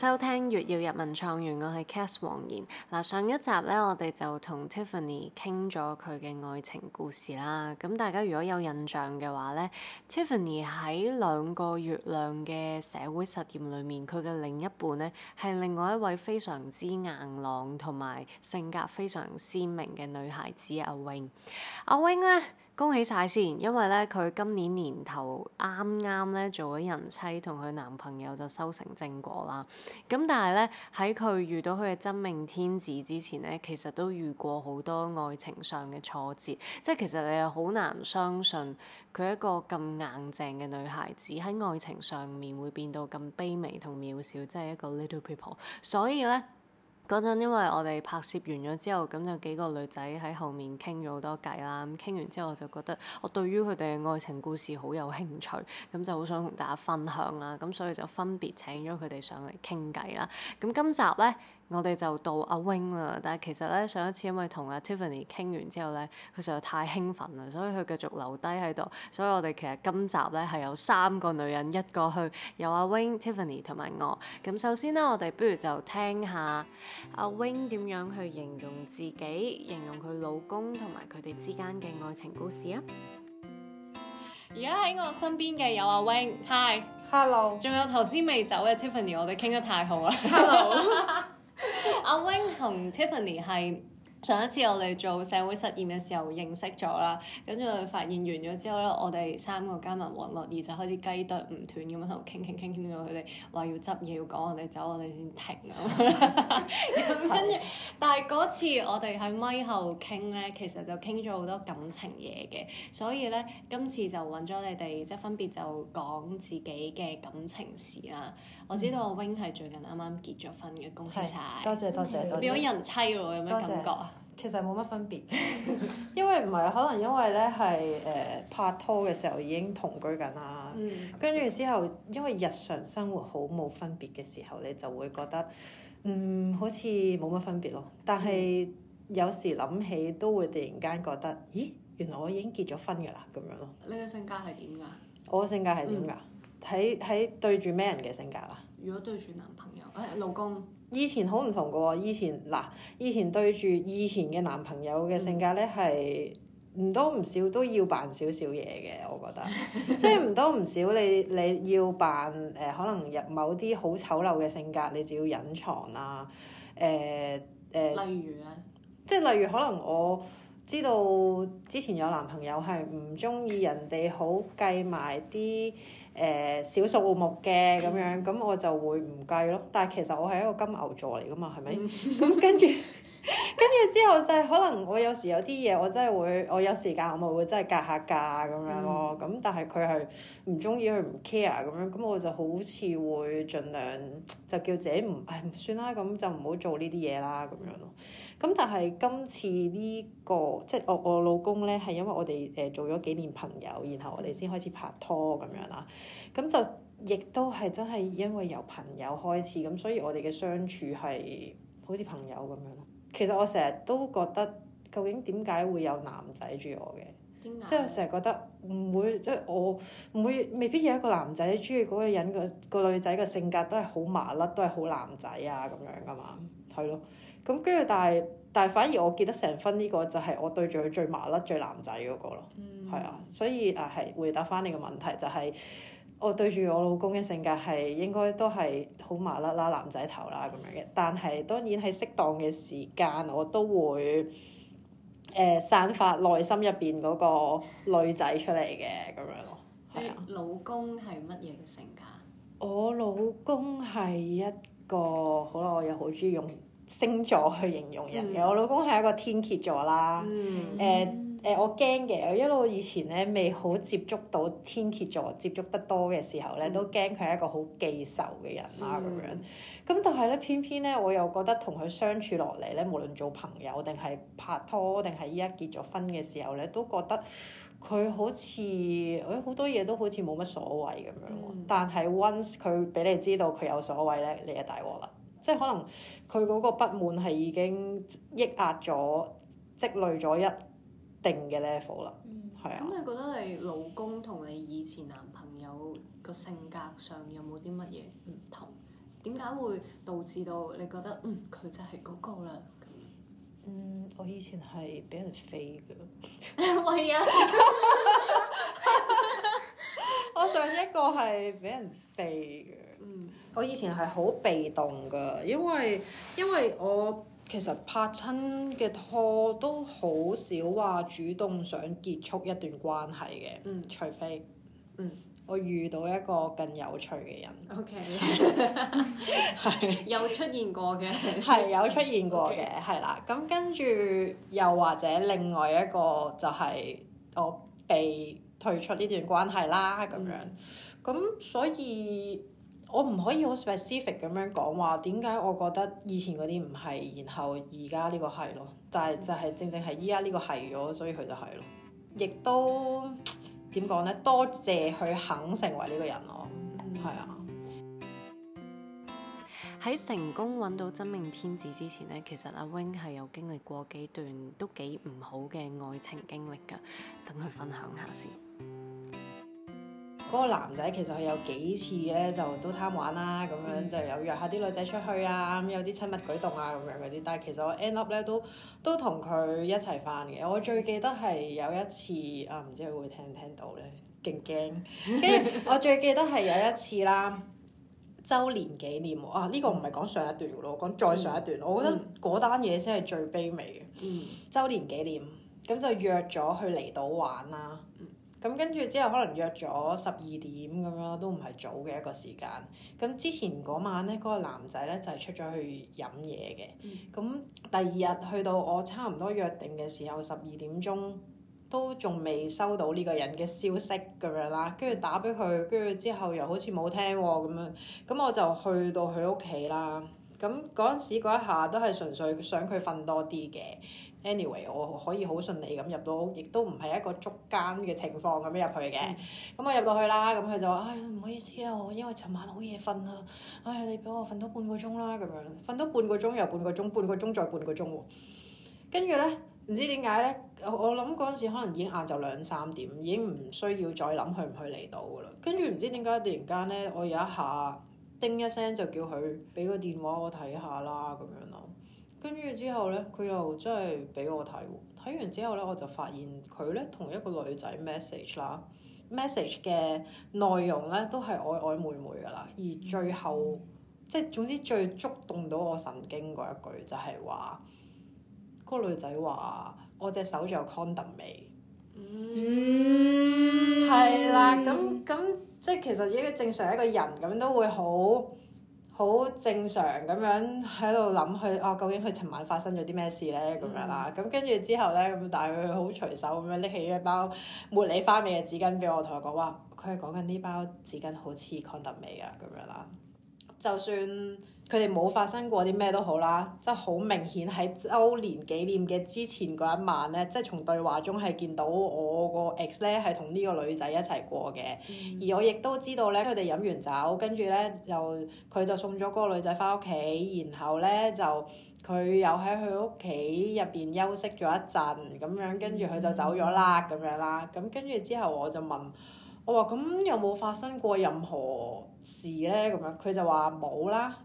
收聽《月曜日文創園》，我係 Cath 黃妍。嗱，上一集咧，我哋就同 Tiffany 傾咗佢嘅愛情故事啦。咁大家如果有印象嘅話咧，Tiffany 喺兩個月亮嘅社會實驗裏面，佢嘅另一半咧係另外一位非常之硬朗同埋性格非常鮮明嘅女孩子阿 Wing。阿 Wing 咧。恭喜晒先，因為咧佢今年年頭啱啱咧做咗人妻，同佢男朋友就修成正果啦。咁但係咧喺佢遇到佢嘅真命天子之前咧，其實都遇過好多愛情上嘅挫折。即係其實你係好難相信佢一個咁硬淨嘅女孩子喺愛情上面會變到咁卑微同渺小，即係一個 Little People。所以咧。嗰陣因為我哋拍攝完咗之後，咁就幾個女仔喺後面傾咗好多偈啦。咁傾完之後，我就覺得我對於佢哋嘅愛情故事好有興趣，咁就好想同大家分享啦。咁所以就分別請咗佢哋上嚟傾偈啦。咁今集呢。我哋就到阿 Wing 啦，但係其實咧上一次因為同阿 Tiffany 傾完之後咧，佢實在太興奮啦，所以佢繼續留低喺度。所以我哋其實今集咧係有三個女人，一個去有阿 Wing、Tiffany 同埋我。咁首先呢，我哋不如就聽下阿 Wing 點樣去形容自己，形容佢老公同埋佢哋之間嘅愛情故事啊！而家喺我身邊嘅有阿 Wing，Hi，Hello，仲有頭先未走嘅 Tiffany，我哋傾得太好啦，Hello。 阿 Wing 同 Tiffany 係上一次我哋做社會實驗嘅時候認識咗啦，跟住我哋發現完咗之後咧，我哋三個加埋黃樂怡就開始雞啄唔斷咁喺度傾傾傾傾咗，佢哋話要執嘢要講，我哋走，我哋先停咁。跟住，但係嗰次我哋喺咪後傾咧，其實就傾咗好多感情嘢嘅，所以咧今次就揾咗你哋，即係分別就講自己嘅感情事啦。我知道我 Wing 係最近啱啱結咗婚嘅，恭喜曬！多謝多謝，多謝多謝，變咗人妻咯，有咩感覺啊？其實冇乜分別， 因為唔係可能因為咧係誒拍拖嘅時候已經同居緊啦，跟住、嗯、之後因為日常生活好冇分別嘅時候你就會覺得嗯好似冇乜分別咯，但係有時諗起都會突然間覺得咦原來我已經結咗婚㗎啦咁樣咯。你嘅性格係點㗎？我嘅性格係點㗎？嗯睇喺對住咩人嘅性格啊？如果對住男朋友，誒、哎、老公，以前好唔同嘅喎，以前嗱，以前對住以前嘅男朋友嘅性格咧，係唔、嗯、多唔少都要扮少少嘢嘅，我覺得， 即係唔多唔少你，你你要扮誒、呃，可能有某啲好醜陋嘅性格，你就要隱藏啦、啊，誒、呃、誒，呃、例如咧，即係例如可能我。知道之前有男朋友係唔中意人哋好計埋啲、誒、小數目嘅咁樣，咁我就會唔計咯。但係其實我係一個金牛座嚟噶嘛，係咪？咁、 嗯、跟住。跟住 之後就係可能我有時有啲嘢，我真係會我有時間，我咪會真係隔下隔咁樣咯。咁但係佢係唔中意，佢唔 care 咁樣，咁、嗯、我就好似會盡量就叫自己唔唉、哎、算啦，咁就唔好做呢啲嘢啦咁樣咯。咁但係今次呢、這個即係、就是、我我老公咧，係因為我哋誒做咗幾年朋友，然後我哋先開始拍拖咁樣啦。咁就亦都係真係因為由朋友開始咁，所以我哋嘅相處係好似朋友咁樣咯。其實我成日都覺得，究竟點解會有男仔中意我嘅？點解？即係成日覺得唔會，即、就、係、是、我唔會，嗯、未必有一個男仔中意嗰個人個、那個女仔嘅性格都係好麻甩，都係好男仔啊咁樣噶嘛，係咯、嗯。咁跟住但係，但係反而我結得成婚呢個就係我對住佢最麻甩、最男仔嗰個咯，係啊、嗯。所以啊，係回答翻你個問題就係、是。我對住我老公嘅性格係應該都係好麻甩啦，男仔頭啦咁樣嘅，但係當然喺適當嘅時間我都會誒、呃、散發內心入邊嗰個女仔出嚟嘅咁樣咯。係啊。你老公係乜嘢嘅性格？我老公係一個，好啦，我又好中意用星座去形容人嘅。嗯、我老公係一個天蠍座啦，誒、嗯。欸誒、欸，我驚嘅，因為我一路以前咧未好接觸到天蠍座，接觸得多嘅時候咧，都驚佢係一個好記仇嘅人啦、啊。咁樣咁，但係咧，偏偏咧，我又覺得同佢相處落嚟咧，無論做朋友定係拍拖，定係依家結咗婚嘅時候咧，都覺得佢好似誒好多嘢都好似冇乜所謂咁樣。嗯、但係 once 佢俾你知道佢有所謂咧，你啊，大鑊啦。即係可能佢嗰個不滿係已經抑壓咗、積累咗一定嘅 level 啦，係、嗯、啊。咁你覺得你老公同你以前男朋友個性格上有冇啲乜嘢唔同？點解會導致到你覺得嗯佢就係嗰個啦？嗯，我以前係俾人飛嘅，係啊。我上一個係俾人飛嘅。嗯，我以前係好被動嘅，因為因為我。其實拍親嘅拖都好少話主動想結束一段關係嘅，嗯、除非我遇到一個更有趣嘅人。OK，係有出現過嘅，係 有出現過嘅，係 Okay. 啦。咁跟住又或者另外一個就係我被退出呢段關係啦，咁樣。咁、嗯嗯、所以。我唔可以好 specific 咁樣講話。點解我覺得以前嗰啲唔係，然後而家呢個係咯。但係就係正正係依家呢個係咗，所以佢就係咯。亦都點講呢？多謝佢肯成為呢個人咯。係、mm hmm. 啊。喺成功揾到真命天子之前呢，其實阿 Wing 係有經歷過幾段都幾唔好嘅愛情經歷㗎。等佢分享下先。嗰個男仔其實係有幾次咧就都貪玩啦，咁樣就有約下啲女仔出去啊，有啲親密舉動啊，咁樣嗰啲。但係其實我 end up 咧都都同佢一齊翻嘅。我最記得係有一次啊，唔知佢會聽唔聽到咧，勁驚。跟住 我最記得係有一次啦，周年紀念啊，呢、呢個唔係講上一段嘅咯，講再上一段、嗯、我覺得嗰單嘢先係最卑微嘅。嗯，周年紀念咁就約咗去離島玩啦。咁跟住之後，可能約咗十二點咁樣，都唔係早嘅一個時間。咁之前嗰晚咧，嗰、嗰個男仔咧就係、係、出咗去飲嘢嘅。咁、嗯、第二日去到我差唔多約定嘅時候，十二點鐘都仲未收到呢個人嘅消息咁樣啦。跟住打俾佢，跟住之後又好似冇聽喎、喎、咁樣。咁我就去到佢屋企啦。咁嗰陣時嗰一下都係純粹想佢瞓多啲嘅。anyway 我可以好順利咁入到屋，亦都唔係一個捉奸嘅情況咁樣入去嘅。咁、嗯嗯、我入到去啦，咁佢就話：唉、哎、唔好意思啊，我因為尋晚好夜瞓啊。唉、哎，你俾我瞓多半個鐘啦，咁樣瞓多半個鐘又半個鐘，半個鐘再半個鐘。跟住咧，唔知點解咧？我諗嗰陣時可能已經晏晝兩三點，已經唔需要再諗去唔去嚟到噶啦。跟住唔知點解突然間咧，我有一下叮一聲就叫佢俾個電話我睇下啦，咁樣咯。跟住之後咧，佢又真係俾我睇喎、哦。睇完之後咧，我就發現佢咧同一個女仔 message 啦，message 嘅內容咧都係曖曖昧昧噶啦。而最後即係總之最觸動到我神經嗰一句就係、是、話，嗰、那個女仔話：我隻手仲有 condom 味。嗯，係啦。咁咁即係其實一個正常一個人咁都會好。好正常咁樣喺度諗佢，哦、啊，究竟佢尋晚發生咗啲咩事咧？咁、嗯、樣啦，咁跟住之後咧，咁但係佢好隨手咁樣拎起一包茉莉花味嘅紙巾俾我，同我講話，佢係講緊呢包紙巾好似 condom 味啊，咁樣啦，就算，佢哋冇發生過啲咩都好啦，即係好明顯喺週年紀念嘅之前嗰一晚咧，即係從對話中係見到我個 ex 咧係同呢個女仔一齊過嘅，嗯、而我亦都知道咧佢哋飲完酒，跟住咧又佢就送咗嗰個女仔翻屋企，然後咧就佢又喺佢屋企入邊休息咗一陣咁樣，跟住佢就走咗啦咁樣啦，咁跟住之後我就問我話咁有冇發生過任何事咧？咁樣佢就話冇啦。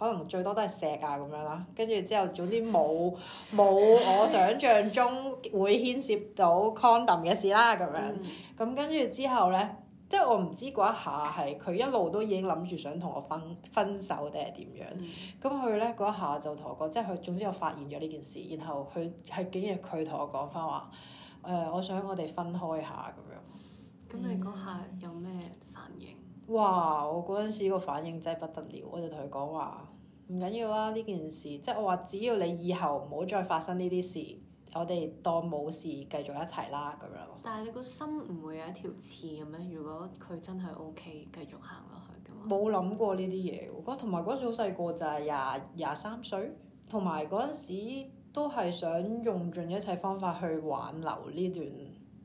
可能最多都係錫啊咁樣啦，跟住之後，總之冇冇我想象中會牽涉到 condom 嘅事啦咁樣。咁跟住之後咧，即係我唔知嗰一下係佢一路都已經諗住想同我分分手定係點樣。咁佢咧嗰一下就同我講，即係佢總之我發現咗呢件事，然後佢係竟然佢同我講返話，誒、呃，我想我哋分開下咁樣。咁你嗰下有咩反應？嗯哇！我嗰陣時個反應真係不得了，我就同佢講話唔緊要啦，呢件事即係我話只要你以後唔好再發生呢啲事，我哋當冇事繼續一齊啦咁樣。但係你個心唔會有一條刺嘅咩？如果佢真係 OK，繼續行落去嘅嘛？冇諗過呢啲嘢，我覺得同埋嗰陣時好細個就係，廿廿三歲，同埋嗰陣時都係想用盡一切方法去挽留呢段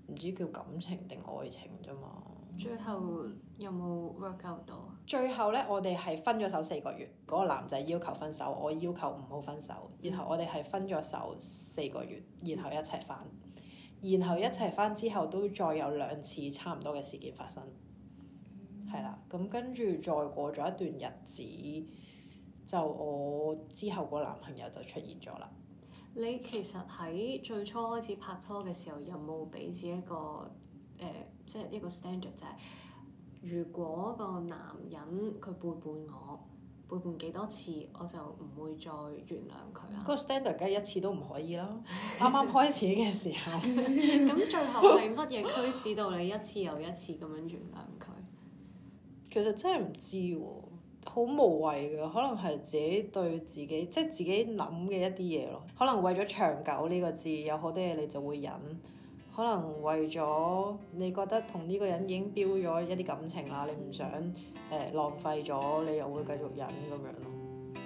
唔知叫感情定愛情啫嘛。最後有冇 work out 到？最後呢，我哋係分咗手四個月。嗰、那個男仔要求分手，我要求唔好分手。然後我哋係分咗手四個月，嗯、然後一齊返，然後一齊返之後都再有兩次差唔多嘅事件發生。係啦、嗯，咁跟住再過咗一段日子，就我之後個男朋友就出現咗啦。你其實喺最初開始拍拖嘅時候，有冇俾自己一個？誒、呃，即係一個 standard 就係、是，如果個男人佢背叛我，背叛幾多次，我就唔會再原諒佢啦。個 standard 梗係一次都唔可以啦，啱啱 開始嘅時候。咁 最後係乜嘢驅使到你一次又一次咁樣原諒佢？其實真係唔知喎、啊，好無謂㗎，可能係自己對自己，即係自己諗嘅一啲嘢咯。可能為咗長久呢個字，有好多嘢你就會忍。可能為咗你覺得同呢個人已經飆咗一啲感情啦，你唔想誒、呃、浪費咗，你又會繼續忍咁樣咯。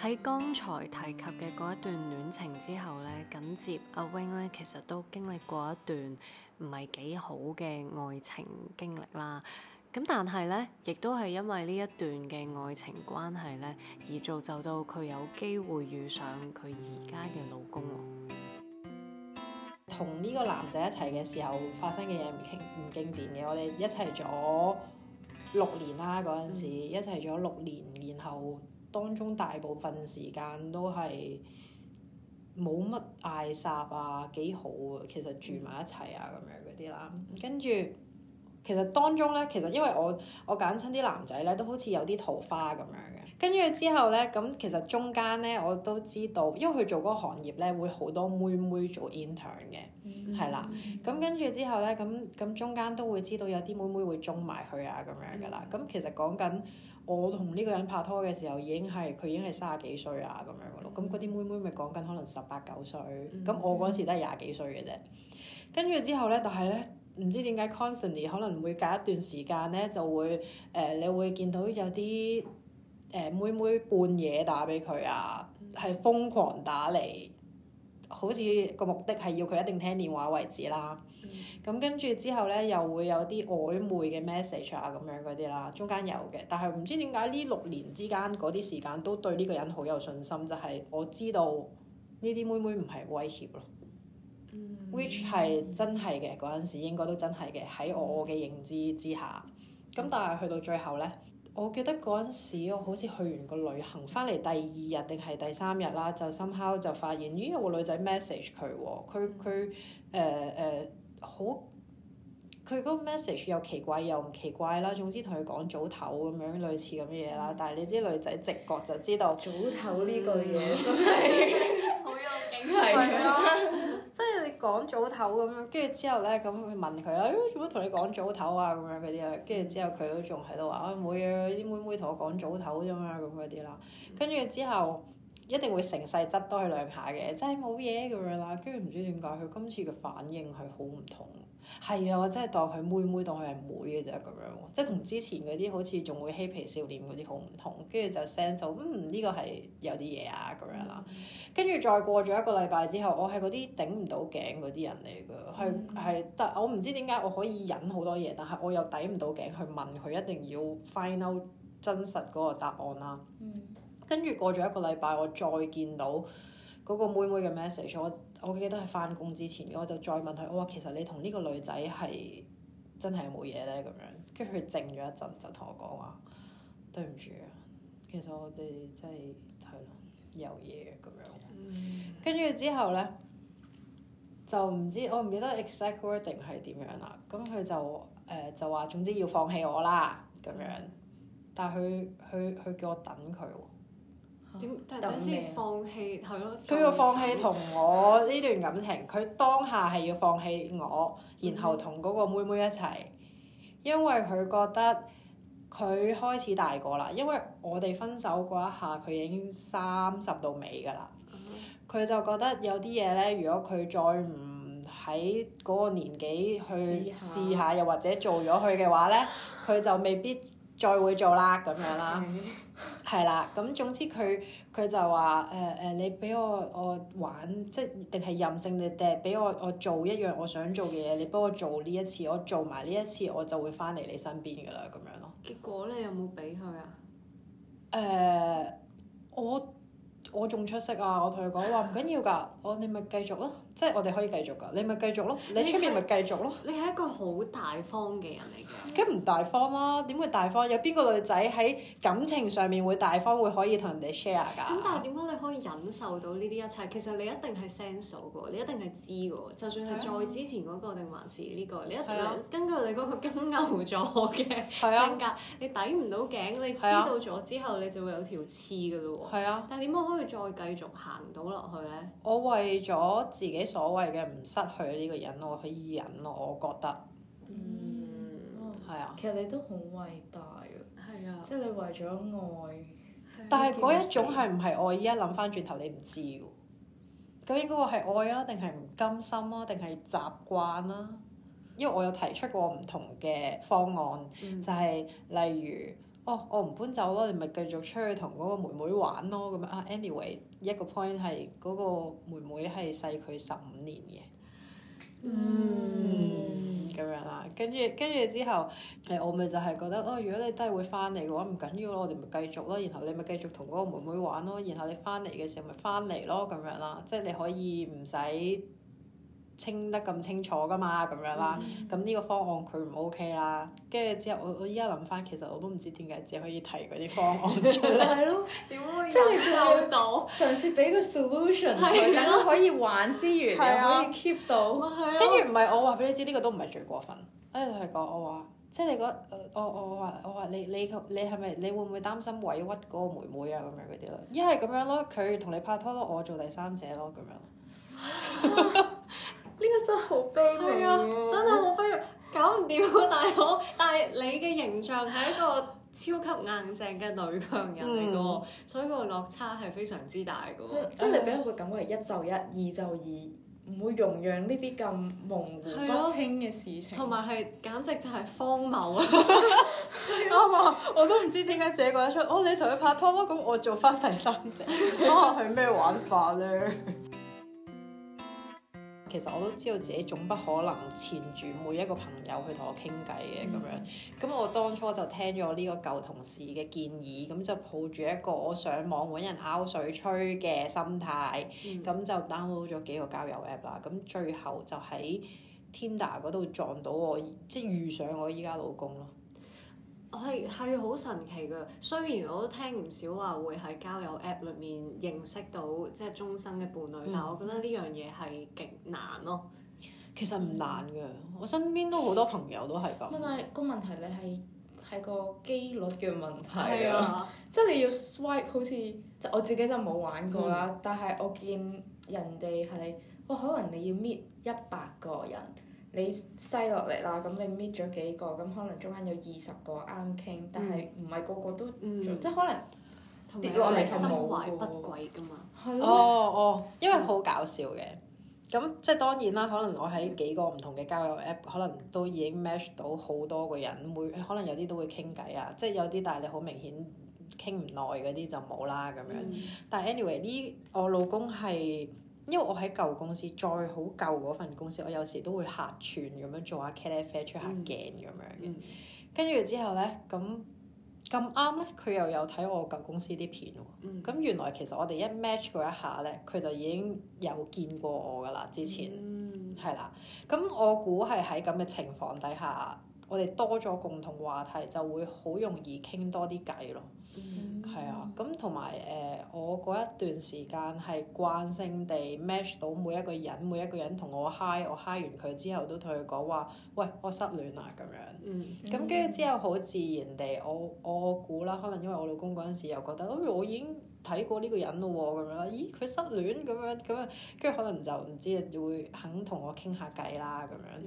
喺 剛才提及嘅嗰一段戀情之後呢，緊接阿 Wing 呢，其實都經歷過一段唔係幾好嘅愛情經歷啦。咁但係呢，亦都係因為呢一段嘅愛情關係呢，而造就到佢有機會遇上佢而家嘅老公。同呢個男仔一齊嘅時候發生嘅嘢，唔經唔經典嘅，我哋一齊咗六年啦，嗰陣時一齊咗六年，然後當中大部分時間都係冇乜嗌霎啊，幾好啊，其實住埋一齊啊咁樣嗰啲啦，跟住其實當中咧，其實因為我我揀親啲男仔咧，都好似有啲桃花咁樣嘅。跟住之後咧，咁其實中間咧，我都知道，因為佢做嗰個行業咧，會好多妹妹做 intern 嘅，係啦、嗯嗯。咁跟住之後咧，咁咁中間都會知道有啲妹妹會中埋去啊咁樣噶啦。咁、嗯嗯嗯、其實講緊我同呢個人拍拖嘅時候，已經係佢已經係卅幾歲啊咁樣嘅咯。咁嗰啲妹妹咪講緊可能十八九歲，咁、嗯嗯嗯嗯、我嗰時都係廿幾歲嘅啫。跟住之後咧，但係咧。嗯嗯嗯嗯唔知點解，constantly 可能會隔一段時間咧，就會誒、呃，你會見到有啲誒、呃、妹妹半夜打俾佢啊，係瘋、嗯、狂打嚟，好似個目的係要佢一定聽電話為止啦。咁跟住之後咧，又會有啲曖昧嘅 message 啊，咁樣嗰啲啦，中間有嘅。但係唔知點解呢六年之間嗰啲時間都對呢個人好有信心，就係、是、我知道呢啲妹妹唔係威脅咯。Which 係真係嘅，嗰陣時應該都真係嘅喺我嘅認知之下，咁但係去到最後呢，我記得嗰陣時我好似去完個旅行翻嚟第二日定係第三日啦，就心口就發現咦，有個女仔 message 佢喎，佢佢誒誒好，佢嗰、呃呃、個 message 又奇怪又唔奇怪啦，總之同佢講早唞咁樣類似咁嘅嘢啦，但係你知女仔直覺就知道早唞呢個嘢真係好有警惕對講早唞咁樣，跟住之後咧，咁佢問佢啊，做乜同你講早唞啊？咁樣嗰啲啊，跟住之後，佢都仲喺度話啊，冇嘢，啲妹妹同我講早唞啫嘛，咁嗰啲啦，跟住之後。一定會成世執多佢兩下嘅，真係冇嘢咁樣啦。跟住唔知點解佢今次嘅反應係好唔同。係啊，我真係當佢妹妹，會當佢係妹嘅啫咁樣。即係同之前嗰啲好似仲會嬉皮笑臉嗰啲好唔同。跟住就 sense 到嗯呢個係有啲嘢啊咁樣啦。跟住再過咗一個禮拜之後，我係嗰啲頂唔到頸嗰啲人嚟㗎。係係、嗯，但係我唔知點解我可以忍好多嘢，但係我又抵唔到頸去問佢，一定要 find out 真實嗰個答案啦。嗯跟住過咗一個禮拜，我再見到嗰個妹妹嘅 message，我我記得係翻工之前我就再問佢：我話其實你同呢個女仔係真係有冇嘢咧？咁樣跟住佢靜咗一陣就，就同我講話對唔住，啊，其實我哋真係係咯有嘢咁樣。跟住之後咧就唔知我唔記得 exact wording 定係點樣啦。咁佢就誒、呃、就話總之要放棄我啦咁樣，但係佢佢佢叫我等佢喎、哦。點？但等先放棄，係咯麼。佢要對放棄同我呢段感情，佢 當下係要放棄我，然後同嗰個妹妹一齊，嗯、哼因為佢覺得佢開始大個啦。因為我哋分手嗰一下，佢已經三十到尾㗎啦。佢、嗯、哼就覺得有啲嘢咧，如果佢再唔喺嗰個年紀去試,下,試下，又或者做咗佢嘅話咧，佢就未必再會做啦，咁樣啦。嗯係啦，咁總之佢佢就話誒誒，你俾我我玩，即係定係任性你定俾我我做一樣我想做嘅嘢，你幫我做呢一次，我做埋呢一次，我就會翻嚟你身邊噶啦，咁樣咯。結果你有冇俾佢啊？誒、呃，我我仲出色啊！我同佢講話唔緊要㗎， 我哋咪繼續啦。即係我哋可以繼續㗎，你咪繼續咯，你出面咪繼續咯。你係一個好大方嘅人嚟㗎。梗唔大方啦、啊，點會大方？有邊個女仔喺感情上面會大方，會可以同人哋 share 㗎？咁、嗯、但係點解你可以忍受到呢啲一切？其實你一定係 sense 到嘅，你一定係知嘅。就算係再之前嗰、那個定、啊、還是呢、這個，你一定、啊、根據你嗰個金牛座嘅、啊、性格，你抵唔到頸，你知道咗之後、啊、你就會有條刺㗎咯喎。係啊。但係點解可以再繼續行到落去咧？我為咗自己。所謂嘅唔失去呢個人，我可以忍咯，我覺得，嗯，係啊，其實你都好偉大啊，係啊，即係你為咗愛，但係嗰一種係唔係愛？而家諗翻轉頭，你唔知，究竟嗰個係愛啊，定係唔甘心啊，定係習慣啦？因為我有提出過唔同嘅方案，嗯、就係例如，哦，我唔搬走咯，你咪繼續出去同嗰個妹妹玩咯，咁啊，anyway。一個 point 係嗰個妹妹係細佢十五年嘅，嗯，嗯，咁樣啦。跟住跟住之後，誒我咪就係覺得，哦，如果你真係會翻嚟嘅話，唔緊要咯，我哋咪繼續咯。然後你咪繼續同嗰個妹妹玩咯。然後你翻嚟嘅時候咪翻嚟咯，咁樣啦。即係你可以唔使。清得咁清楚噶嘛，咁樣啦，咁呢、嗯、個方案佢唔 OK 啦，跟住之後我我依家諗翻，其實我都唔知點解只可以提嗰啲方案出 了。係咯，點會？即係做到，嘗試俾個 solution，大家 呀可以玩之餘， 呀可以 keep 到。跟住唔係，我話俾你知，呢、這個都唔係最過分。跟住同佢講，我話，即係你講，得，我我話、就是呃，我話你你你係咪你會唔會擔心委屈嗰個妹妹啊咁樣嗰啲咯？因係咁樣咯，佢同你拍拖咯，我做第三者咯咁樣。 呢個真係好卑微，真係好卑微，搞唔掂啊，大佬！但係我，但係你嘅形象係一個超級硬淨嘅女強人嚟噶，所以個落差係非常之大噶。即係你俾我個感覺係一就一，二就二，唔會容讓呢啲咁模糊不清嘅事情。同埋係，簡直就係荒謬啊！啱啊！我都唔知點解自己講得出。哦，你同佢拍拖咯，咁我做翻第三者，啊係咩玩法咧？其實我都知道自己總不可能纏住每一個朋友去同我傾偈嘅咁樣，咁我當初就聽咗呢個舊同事嘅建議，咁就抱住一個我上網揾人拗水吹嘅心態，咁、嗯、就 download 咗幾個交友 app 啦，咁最後就喺 Tinder 嗰度撞到我，即係遇上我依家老公咯。係係好神奇嘅，雖然我都聽唔少話會喺交友 App 裏面認識到即係終生嘅伴侶，嗯、但係我覺得呢樣嘢係極難咯。嗯、其實唔難嘅，嗯、我身邊都好多朋友都係咁。問題，個問題你係係個機率嘅問題啊！即係你要 swipe 好似，即我自己就冇玩過啦。嗯、但係我見人哋係哇，可能你要 meet 一百個人。你篩落嚟啦，咁你搣咗幾個，咁可能中間有二十個啱傾，但係唔係個個都，嗯嗯、即係可能跌落嚟心懷不軌噶嘛。係。哦哦，因為好搞笑嘅，咁即係當然啦。可能我喺幾個唔同嘅交友 app，可能都已經 match 到好多個人，每可能有啲都會傾偈啊。即係有啲，但係你好明顯傾唔耐嗰啲就冇啦咁樣。嗯、但係 anyway，呢我老公係。因為我喺舊公司，再好舊嗰份公司，我有時都會客串咁樣做下 cat a fish 出下鏡咁樣。跟住、嗯嗯、之後咧，咁咁啱咧，佢又有睇我舊公司啲片喎。咁、嗯、原來其實我哋一 match 過一下咧，佢就已經有見過我㗎喇之前，係啦、嗯。咁我估係喺咁嘅情況底下，我哋多咗共同話題，就會好容易傾多啲偈咯。嗯係啊，咁同埋誒，我嗰一段時間係慣性地 match 到每一個人，mm hmm. 每一個人同我 high 我 high 完佢之後都同佢講話，喂，我失戀啦咁樣。咁跟住之後好自然地，我我估啦，可能因為我老公嗰陣時又覺得，好、mm hmm. 我已經。睇過呢個人咯喎，咁樣，咦佢失戀咁樣，咁樣，跟住可能就唔知就會肯同我傾下偈啦，咁樣。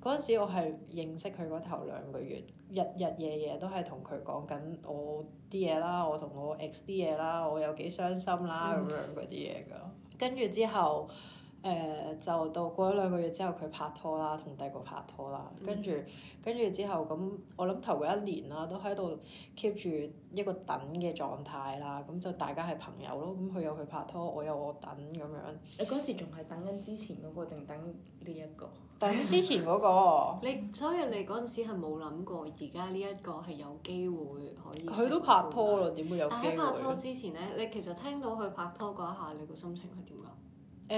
嗰陣、嗯、時我係認識佢嗰頭兩個月，日日夜夜都係同佢講緊我啲嘢啦，我同我 ex 啲嘢啦，我有幾傷心啦，咁、嗯、樣嗰啲嘢噶。嗯、跟住之後。誒、呃、就到過咗兩個月後、嗯、之後，佢拍拖啦，同第二個拍拖啦，跟住跟住之後咁，我諗頭嗰一年啦，都喺度 keep 住一個等嘅狀態啦，咁就大家係朋友咯，咁佢有佢拍拖，我有我等咁樣。你嗰時仲係等緊之前嗰個定等呢一個？等，這個、等之前嗰、嗰個。 你所以你嗰陣時係冇諗過而家呢一個係有機會可以。佢都拍拖咯，點會有？但拍拖之前咧，你其實聽到佢拍拖嗰一下，你個心情係點噶？誒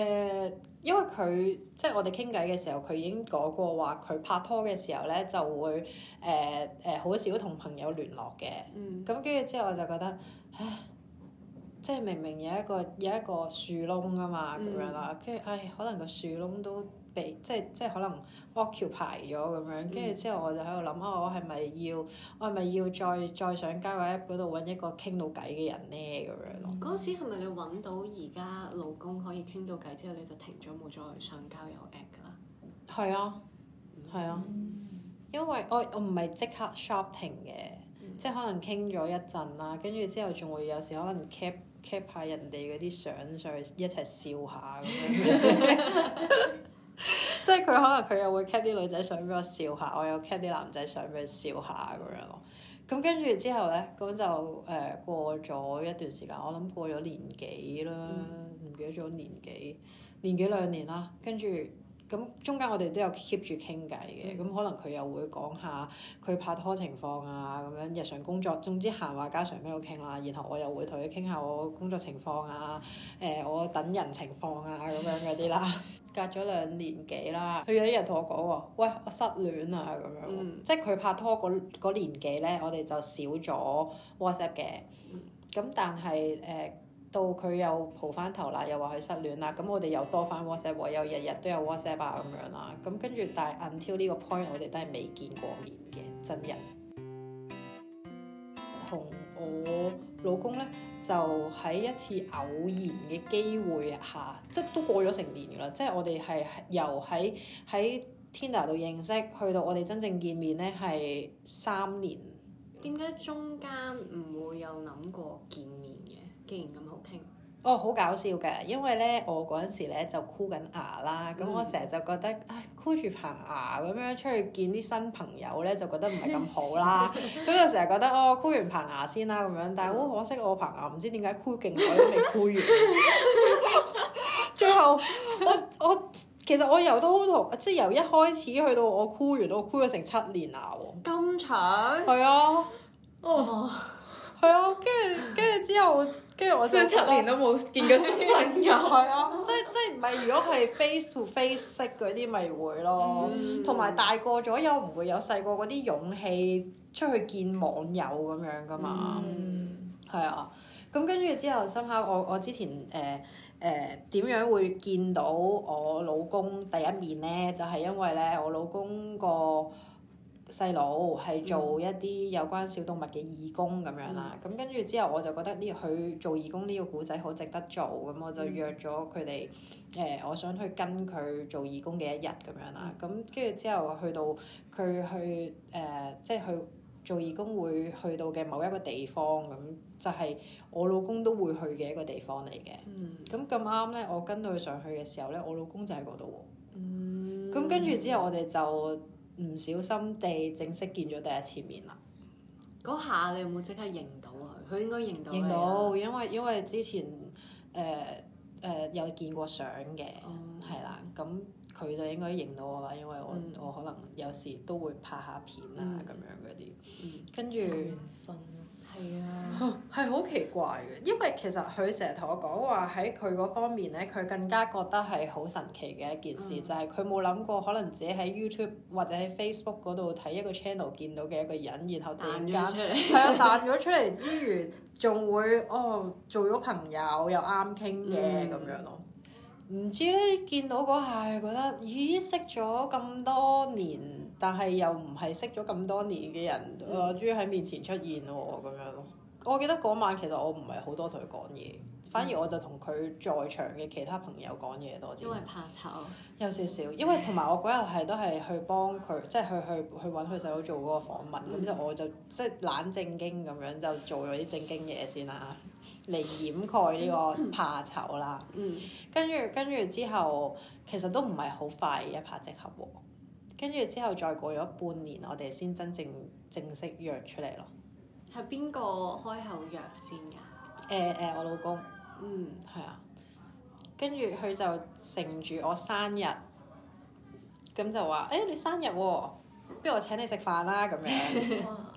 ，uh, 因為佢即係我哋傾偈嘅時候，佢已經講過話，佢拍拖嘅時候咧就會誒誒好少同朋友聯絡嘅。咁跟住之後我就覺得，唉，即係明明有一個有一個樹窿啊嘛，咁樣啦，跟住、嗯、唉，可能個樹窿都。被即係即係可能 occupy 咗咁樣，跟住之後我就喺度諗下我係咪要我係咪要再再上交友 app 嗰度揾一個傾到偈嘅人咧咁樣咯？嗰陣時係咪你揾到而家老公可以傾到偈之後你就停咗冇再上交友 app 㗎啦？係啊、 嗯，係啊，因為我我唔係、嗯、即刻 shopping 嘅，即係可能傾咗一陣啦，跟住之後仲會有時可能 cap cap 下人哋嗰啲相上去一齊笑一下咁樣。 即係佢可能佢又會 cap 啲女仔相俾我笑下，我又 cap 啲男仔相俾佢笑下咁樣咯。咁跟住之後咧，咁就誒過咗一段時間，我諗過咗年幾啦，唔、嗯、記得咗年幾，年幾兩年啦，跟住、嗯。咁中間我哋都有 keep 住傾偈嘅，咁、嗯、可能佢又會講下佢拍拖情況啊，咁樣日常工作，總之閒話家常咩都傾啦。然後我又會同佢傾下我工作情況啊，誒、呃、我等人情況啊咁樣嗰啲啦。 隔咗兩年幾啦，佢有一日同我講喎，喂，我失戀啊咁樣。嗯、即係佢拍拖嗰年幾咧，我哋就少咗 WhatsApp 嘅。咁但係誒。呃到佢又蒲翻頭啦，又話佢失戀啦，咁我哋又多翻 WhatsApp，又日日都有 WhatsApp 啊咁樣啦。咁跟住，但係 until 呢個 point，我哋都係未見過面嘅真人。同我老公呢，就喺一次偶然嘅機會下，即都過咗成年噶啦。即係我哋係由喺喺 Tinder 度認識，去到我哋真正見面呢，係三年。點解中間唔會有諗過見面嘅？既然咁好傾，哦，好搞笑嘅，因為咧，我嗰陣時咧就箍緊牙啦，咁我成日就覺得，嗯、唉，箍住棚牙咁樣出去見啲新朋友咧，就覺得唔係咁好啦。咁 就成日覺得，哦，箍完棚牙先啦，咁樣，但係好可惜我，我棚牙唔知點解箍勁耐都未箍完。 最後，我我其實我由都同即係由一開始去到我箍完，我箍咗成七年牙喎。咁長層？係啊。哦！Oh. 係啊，跟住跟住之後，跟住我先 七年都冇見過新朋友 的。係啊， 即即唔係如果係 face to face 嗰啲咪會咯，同埋、嗯、大個咗又唔會有細個嗰啲勇氣出去見網友咁樣噶嘛。係啊、嗯，咁跟住之後深刻，我我之前誒誒點樣會見到我老公第一面咧？就係、是、因為咧，我老公個。細佬係做一啲有關小動物嘅義工咁樣啦，咁、嗯、跟住之後我就覺得呢佢做義工呢個古仔好值得做，咁、嗯、我就約咗佢哋，誒、呃，我想去跟佢做義工嘅一日咁樣啦。咁、嗯、跟住之後去到佢去誒，即係去、呃就係、做義工會去到嘅某一個地方，咁就係我老公都會去嘅一個地方嚟嘅。嗯，咁咁啱咧，我跟到佢上去嘅時候咧，我老公就喺嗰度喎。嗯，咁跟住之後我哋就。唔小心地正式見咗第一次面啦！嗰下你有冇即刻認到佢？佢應該認到。認到，因為因為之前誒誒、呃呃、有見過相嘅，係啦、Oh.，咁佢就應該認到我啦，因為我、嗯、我可能有時都會拍下片啦、啊、咁、嗯、樣嗰啲，跟住。係啊，係好 奇怪嘅，因為其實佢成日同我講話喺佢嗰方面咧，佢更加覺得係好神奇嘅一件事，嗯、就係佢冇諗過可能自己喺 YouTube 或者喺 Facebook 度睇一個 channel 見到嘅一個人，然後突然間係啊彈咗出嚟 之餘，仲會哦做咗朋友又啱傾嘅咁樣咯。唔知咧見到嗰下，覺得咦識咗咁多年，但係又唔係識咗咁多年嘅人，終於喺面前出現喎咁樣。嗯我記得嗰晚其實我唔係好多同佢講嘢，反而我就同佢在場嘅其他朋友講嘢多啲。因為怕醜有少少，因為同埋我嗰日係都係去幫佢，即係去去去揾佢細佬做嗰個訪問，咁之後我就即係懶正經咁樣就做咗啲正經嘢先啦，嚟掩蓋呢個怕醜啦。嗯，跟住跟住之後其實都唔係好快一拍即合喎。跟住之後再過咗半年，我哋先真正正式約出嚟咯。係邊個開口約先㗎？誒誒、呃呃，我老公。嗯，係啊。跟住佢就乘住我生日，咁就話：誒、欸，你生日喎、啊，不如我請你食飯啦咁樣。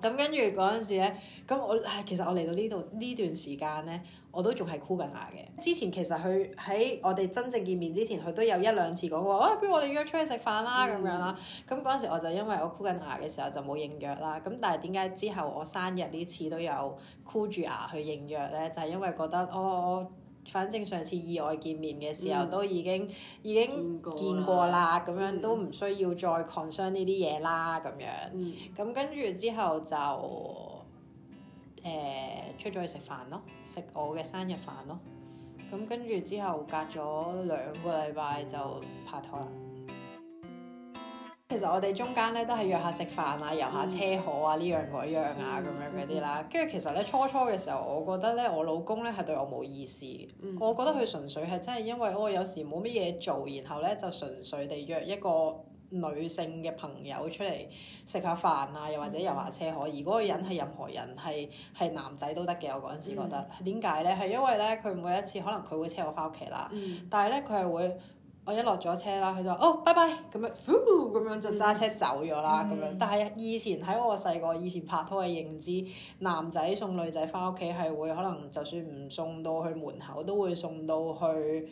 咁跟住嗰陣時咧，咁我唉，其實我嚟到呢度呢段時間咧，我都仲係箍緊牙嘅。之前其實佢喺我哋真正見面之前，佢都有一兩次講過，喂、哎，不如我哋約出去食飯啦咁樣啦。咁嗰陣時我就因為我箍緊牙嘅時候就冇應約啦。咁但係點解之後我生日呢次都有箍住牙去應約咧？就係、是、因為覺得，哦。哦反正上次意外見面嘅時候都已經、嗯、已經見過啦，咁樣、嗯、都唔需要再 concern 呢啲嘢啦，咁樣。咁、嗯、跟住之後就誒、呃、出咗去食飯咯，食我嘅生日飯咯。咁跟住之後隔咗兩個禮拜就拍拖啦。其實我哋中間咧都係約下食飯啊，游下車河啊，呢、嗯、樣嗰樣啊，咁、嗯、樣嗰啲啦。跟住、嗯、其實咧初初嘅時候，我覺得咧我老公咧係對我冇意思嘅、嗯、我覺得佢純粹係真係因為我有時冇乜嘢做，然後咧就純粹地約一個女性嘅朋友出嚟食下飯啊，又或者游下車河。而嗰個人係任何人係、係男仔都得嘅。我嗰陣時覺得點解咧？係、嗯嗯、因為咧佢每一次可能佢會車我翻屋企啦，嗯、但係咧佢係會。我一落咗車啦，佢就哦，拜拜咁樣，咁樣就揸車走咗啦，咁、嗯、樣。但係以前喺我細個以前拍拖嘅認知，男仔送女仔翻屋企係會可能就算唔送到去門口，都會送到去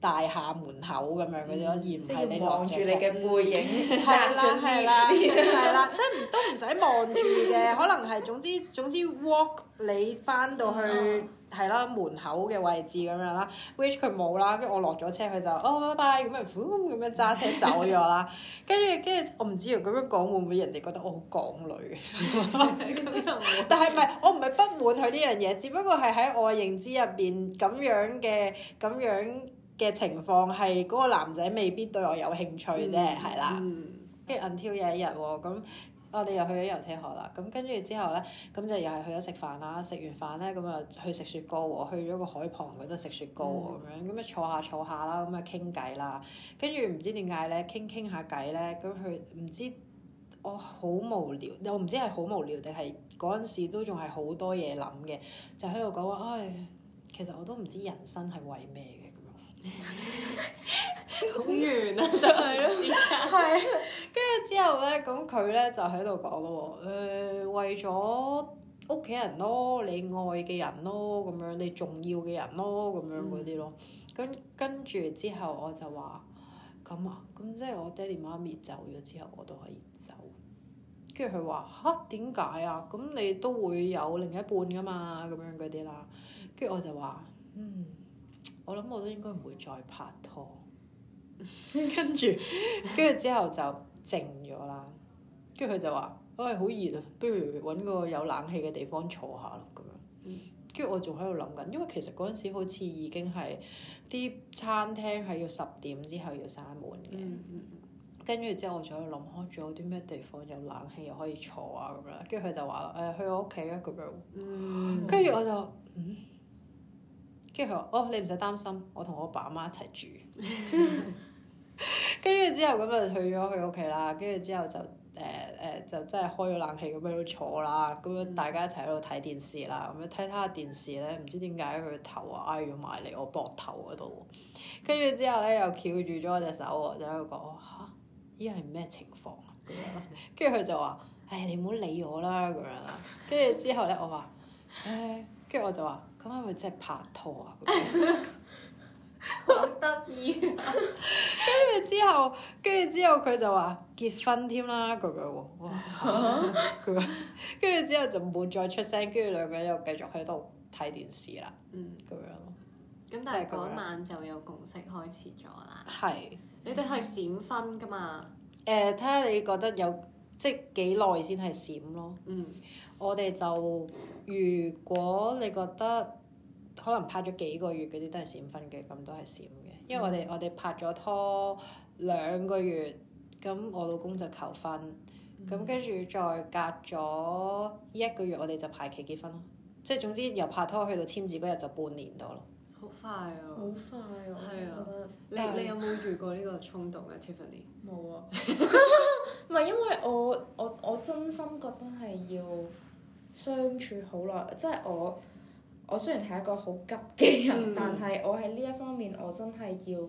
大廈門口咁樣嘅啫。而唔係望住你嘅、嗯、背影。係啦係啦係啦，即係都唔使望住嘅，可能係總之總之 walk 你翻到去。嗯係啦，門口嘅位置咁樣啦，which 佢冇啦，跟住我落咗車，佢就哦，拜拜 e bye 咁樣，咁、um、樣揸車走咗啦。跟住跟住，我唔知啊，咁樣講會唔會人哋覺得我好港女？ 但係唔係， 我唔係不滿佢呢樣嘢，只不過係喺我嘅認知入邊，咁樣嘅咁樣嘅情況係嗰個男仔未必對我有興趣啫，係啦、嗯。跟住的、嗯、until 有一日喎咁。啊、我哋又去咗遊車河啦，咁跟住之後咧，咁就又係去咗食飯啦。食完飯咧，咁啊去食雪糕喎，去咗個海旁嗰度食雪糕喎，咁樣、嗯、咁咪坐下坐下啦，咁啊傾偈啦。跟住唔知點解咧，傾傾下偈咧，咁佢唔知我好無聊，我唔知係好無聊定係嗰陣時都仲係好多嘢諗嘅，就喺度講話，唉，其實我都唔知人生係為咩。講 完啦，就係、是、咯，係 對。跟 住之後咧，咁佢咧就喺度講咯喎，誒、呃，為咗屋企人咯，你愛嘅人咯，咁樣你重要嘅人咯，咁樣嗰啲咯。跟跟住之後，我就話：咁啊，咁即係我爹哋媽咪走咗之後，我都可以走。跟住佢話：嚇，點解啊？咁、啊、你都會有另一半㗎嘛？咁樣嗰啲啦。跟住我就話：嗯。我諗我都應該唔會再拍拖，跟住跟住之後就靜咗啦。跟住佢就話：，唉、哎，好熱啊，不如揾個有冷氣嘅地方坐下啦，咁樣。跟住、嗯、我仲喺度諗緊，因為其實嗰陣時好似已經係啲餐廳係要十點之後要閂門嘅。跟住、嗯、之後我仲喺度諗開，仲有啲咩地方有冷氣又可以坐啊？咁樣。跟住佢就話：，誒、哎，去我屋企吖，咁樣。跟住、嗯、我就，嗯跟住佢話：哦，你唔使擔心，我同我阿爸阿媽一齊住。跟住之後咁就去咗佢屋企啦。跟住之後就誒誒就、呃呃、就真係開咗冷氣咁喺度坐啦。咁樣大家一齊喺度睇電視啦。咁樣睇睇下電視咧，唔知點解佢頭啊挨咗埋嚟我膊頭嗰度。跟住之後咧又翹住咗我隻手喎，就喺度講嚇，依係咩情況？跟住佢就話：，唉，你唔好理我啦。咁樣啦。跟住之後咧，我話：，唉、哎。跟住我就話。咁係咪真係拍拖啊？好得意！跟住之後，跟住之後佢就話結婚添啦，咁樣。哇！佢話跟住之後就唔會再出聲，跟住兩個人又繼續喺度睇電視啦。嗯，咁樣。咁、嗯、但係但嗰晚就有共識開始咗啦。係是。你哋係閃婚噶嘛？誒、嗯、睇、呃、下你覺得有即係幾耐先係閃咯？嗯，我哋就。如果你覺得可能拍咗幾個月嗰啲都係閃婚嘅，咁都係閃嘅。因為我哋、嗯、我哋拍咗拖兩個月，咁我老公就求婚，咁跟住再隔咗一個月，我哋就排期結婚咯。即係總之由拍拖去到簽字嗰日就半年多咯。好快啊！好快啊！係啊！但你你有冇遇過呢個衝動啊，Tiffany？冇啊！唔係 因為我我我真心覺得係要。相處好耐，即係我我雖然係一個好急嘅人，嗯、但係我喺呢一方面我真係要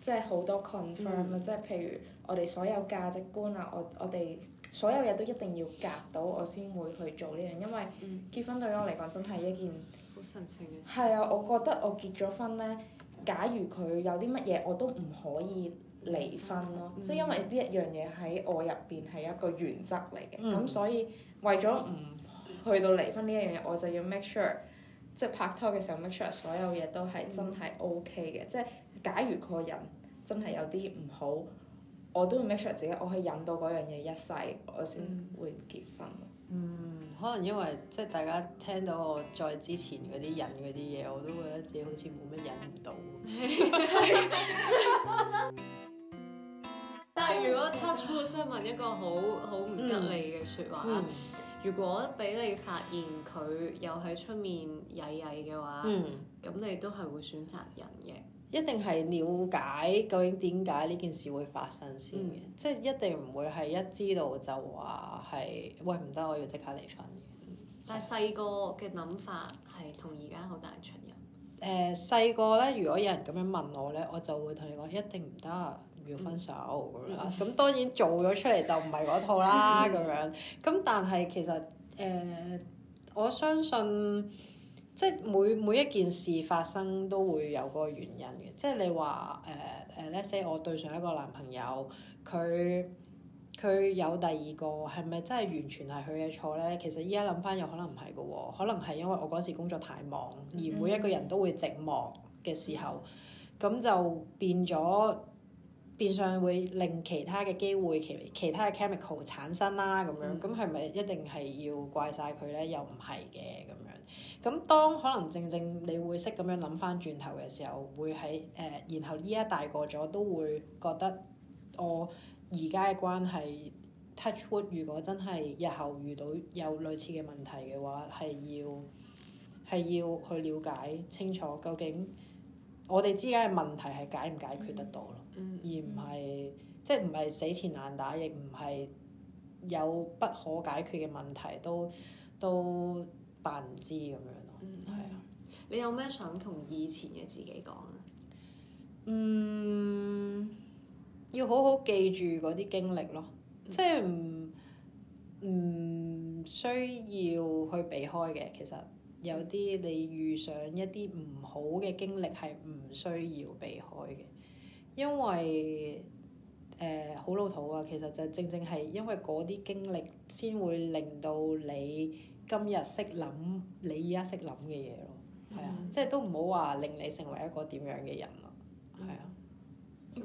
即係好多 confirm，啊。即係、嗯、譬如我哋所有價值觀啊，我我哋所有嘢都一定要夾到，我先會去做呢樣，因為結婚對我嚟講真係一件好神聖嘅事、嗯。係啊，我覺得我結咗婚呢，假如佢有啲乜嘢我都唔可以離婚咯，嗯、即係因為呢一樣嘢喺我入邊係一個原則嚟嘅，咁、嗯、所以為咗唔去到離婚呢一樣嘢，我就要 make sure，即係拍拖嘅時候 make sure 所有嘢都係真係 OK 嘅。嗯、即係假如個人真係有啲唔好，我都會 make sure 自己我可以忍到嗰樣嘢一世，我先會結婚。嗯，可能因為即係大家聽到我再之前嗰啲忍嗰啲嘢，我都覺得自己好似冇乜忍唔到。但係如果 touchwood 即係問一個好好唔吉利嘅説話。嗯嗯。如果俾你發現佢又喺出面曳曳嘅話，咁、嗯、你都係會選擇人嘅，一定係了解究竟點解呢件事會發生先嘅，即係、嗯、一定唔會係一知道就話係，喂，唔得，我要即刻離婚嘅、嗯。但係細個嘅諗法係同而家好大出入。誒細個咧，如果有人咁樣問我咧，我就會同你講一定唔得。要分手，咁樣，咁當然做咗出嚟就唔係嗰套啦，咁 樣咁，但係其實誒、呃，我相信即係每每一件事發生都會有嗰個原因嘅。即係你話誒誒、呃呃、let's say 我對上一個男朋友，佢佢有第二個，係咪真係完全係佢嘅錯咧？其實依家諗翻又可能唔係嘅喎，可能係因為我嗰時工作太忙，而每一個人都會寂寞嘅時候，咁、mm hmm. 就變咗。變相會令其他嘅機會，其其他嘅 chemical 產生啦、啊、咁樣，咁係咪一定係要怪晒佢咧？又唔係嘅咁樣。咁當可能正正你會識咁樣諗翻轉頭嘅時候，會喺誒、呃，然後依家大個咗都會覺得我而家嘅關係 touch wood，如果真係日後遇到有類似嘅問題嘅話，係要係要去了解清楚究竟。我哋之間嘅問題係解唔解決得到咯，嗯、而唔係即係唔係死纏爛打，亦唔係有不可解決嘅問題都都扮唔知咁樣咯。係啊、嗯，的你有咩想同以前嘅自己講啊？嗯，要好好記住嗰啲經歷咯，嗯、即係唔唔需要去避開嘅其實。有啲你遇上一啲唔好嘅經歷，係唔需要避開嘅，因為誒好、呃、老土啊，其實就正正係因為嗰啲經歷先會令到你今日識諗你而家識諗嘅嘢咯，係、嗯、啊，即係都唔好話令你成為一個點樣嘅人咯，係、嗯、啊，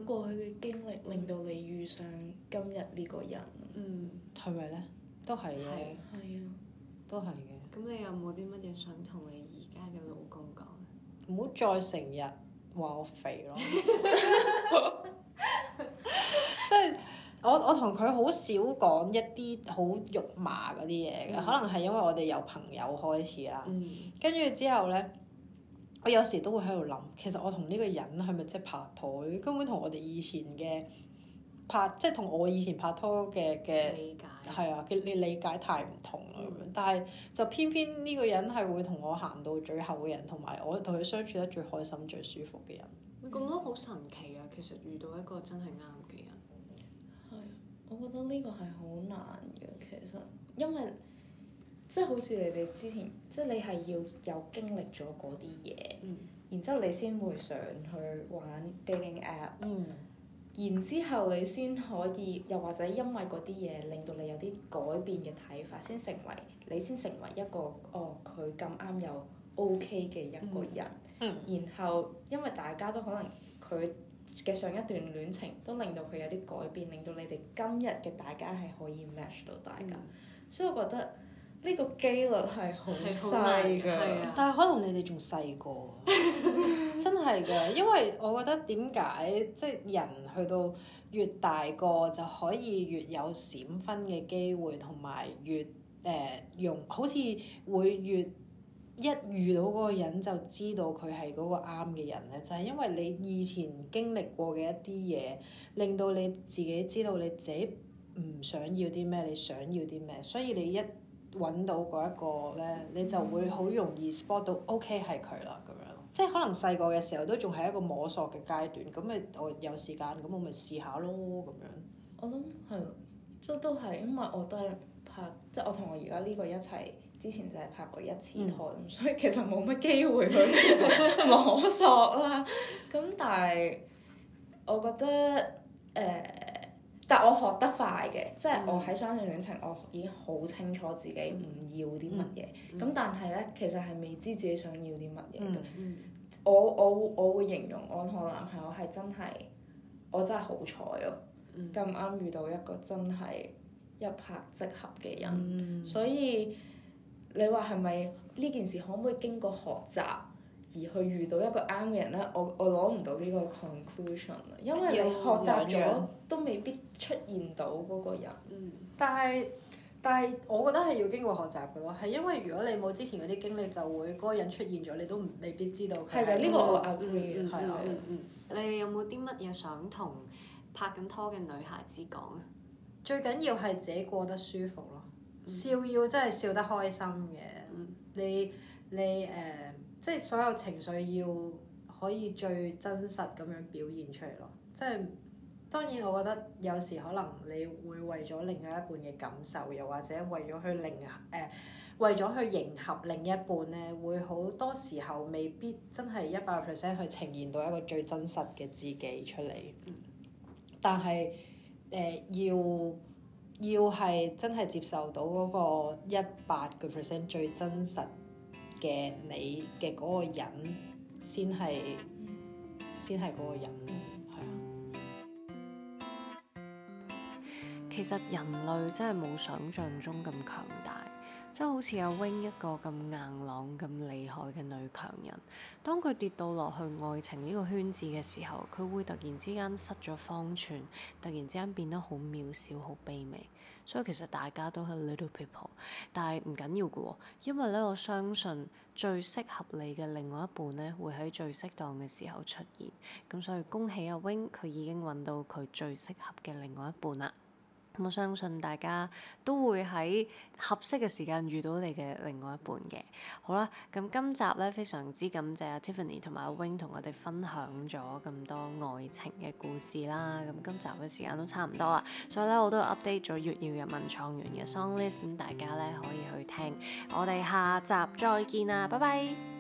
過去嘅經歷令到你遇上今日呢個人，嗯，係咪咧？都係嘅，係啊，都係嘅。咁你有冇啲乜嘢想同你而家嘅老公講？唔好再成日話我肥咯，。 即係我我同佢好少講一啲好肉麻嗰啲嘢嘅，嗯、可能係因為我哋由朋友開始啦。跟住、嗯、之後咧，我有時都會喺度諗，其實我同呢個人係咪即係拍台？根本同我哋以前嘅。拍即係同我以前拍拖嘅嘅，理解，係啊，嘅你理解太唔同啦咁樣，嗯、但係就偏偏呢個人係會同我行到最後嘅人，同埋我同佢相處得最開心、最舒服嘅人。咁都好神奇啊！其實遇到一個真係啱嘅人，係、啊、我覺得呢個係好難嘅。其實因為即係、就是、好似你哋之前，即、就、係、是、你係要有經歷咗嗰啲嘢，嗯、然之後你先會想去玩 dating app，嗯。然之後你先可以，又或者因為嗰啲嘢令到你有啲改變嘅睇法，先成為你先成為一個哦，佢咁啱又 OK 嘅一個人。嗯、然後因為大家都可能佢嘅上一段戀情都令到佢有啲改變，令到你哋今日嘅大家係可以 match 到大家，嗯、所以我覺得。呢個機率係好細㗎，但係可能你哋仲細個， 真係㗎。因為我覺得點解即係人去到越大個就可以越有閃婚嘅機會，同埋越誒、呃、用好似會越一遇到嗰個人就知道佢係嗰個啱嘅人咧，就係、是、因為你以前經歷過嘅一啲嘢，令到你自己知道你自己唔想要啲咩，你想要啲咩，所以你一，揾到嗰一個呢，你就會好容易 spot 到 OK 係佢啦，咁樣。即係可能細個嘅時候都仲係一個摸索嘅階段，咁咪我有時間咁我咪試下咯，咁樣。我諗係，即都係，因為我都係拍，嗯、即係我同我而家呢個一齊，之前就係拍過一次拖，嗯、所以其實冇乜機會去 摸索啦。咁但係我覺得誒。呃但我學得快嘅，即係我喺相性戀情，我已經好清楚自己唔要啲乜嘢。咁、嗯嗯嗯、但係咧，其實係未知自己想要啲乜嘢嘅。我我會我會形容我同我男朋友係真係，我真係、嗯、好彩咯，咁啱遇到一個真係一拍即合嘅人，嗯嗯、所以你話係咪呢件事可唔可以經過學習？而去遇到一個啱嘅人咧，我我攞唔到呢個 conclusion 啊，因為你學習咗都未必出現到嗰個人。嗯。但係但係，我覺得係要經過學習嘅咯，係因為如果你冇之前嗰啲經歷，就會嗰個人出現咗，你都未必知道。係啊，呢個 agree 係啊。嗯，嗯，嗯，嗯，嗯，嗯，你有冇啲乜嘢想同拍緊拖嘅女孩子講啊？最緊要係自己過得舒服咯，笑要真係笑得開心嘅。你你誒？Uh, 即係所有情緒要可以最真實咁樣表現出嚟咯。即係當然，我覺得有時可能你會為咗另外一半嘅感受，又或者為咗去迎合誒，為咗、呃、去迎合另一半咧，會好多時候未必真係一百個 percent 去呈現到一個最真實嘅自己出嚟。但係誒、呃，要要係真係接受到嗰個一百個 percent 最真實。嘅你嘅嗰個人，先係先係嗰個人，係呀。其實人類真係冇想像中咁強大，即係好似阿 Wing 一個咁硬朗、咁厲害嘅女強人，當佢跌到落去愛情呢個圈子嘅時候，佢會突然之間失咗方寸，突然之間變得好渺小、好卑微。所以、so, 其實大家都係 little people，但係唔緊要㗎喎，因為咧我相信最適合你嘅另外一半咧會喺最適當嘅時候出現，咁所以恭喜阿、啊、Wing，佢已經揾到佢最適合嘅另外一半啦。咁我相信大家都會喺合適嘅時間遇到你嘅另外一半嘅。好啦，咁今集呢，非常之感謝阿、啊、Tiffany 同埋、啊、阿 Wing 同我哋分享咗咁多愛情嘅故事啦。咁今集嘅時間都差唔多啦，所以呢，我都 update 咗粵語人文創園嘅 song list，咁大家呢，可以去聽。我哋下集再見啦，拜拜。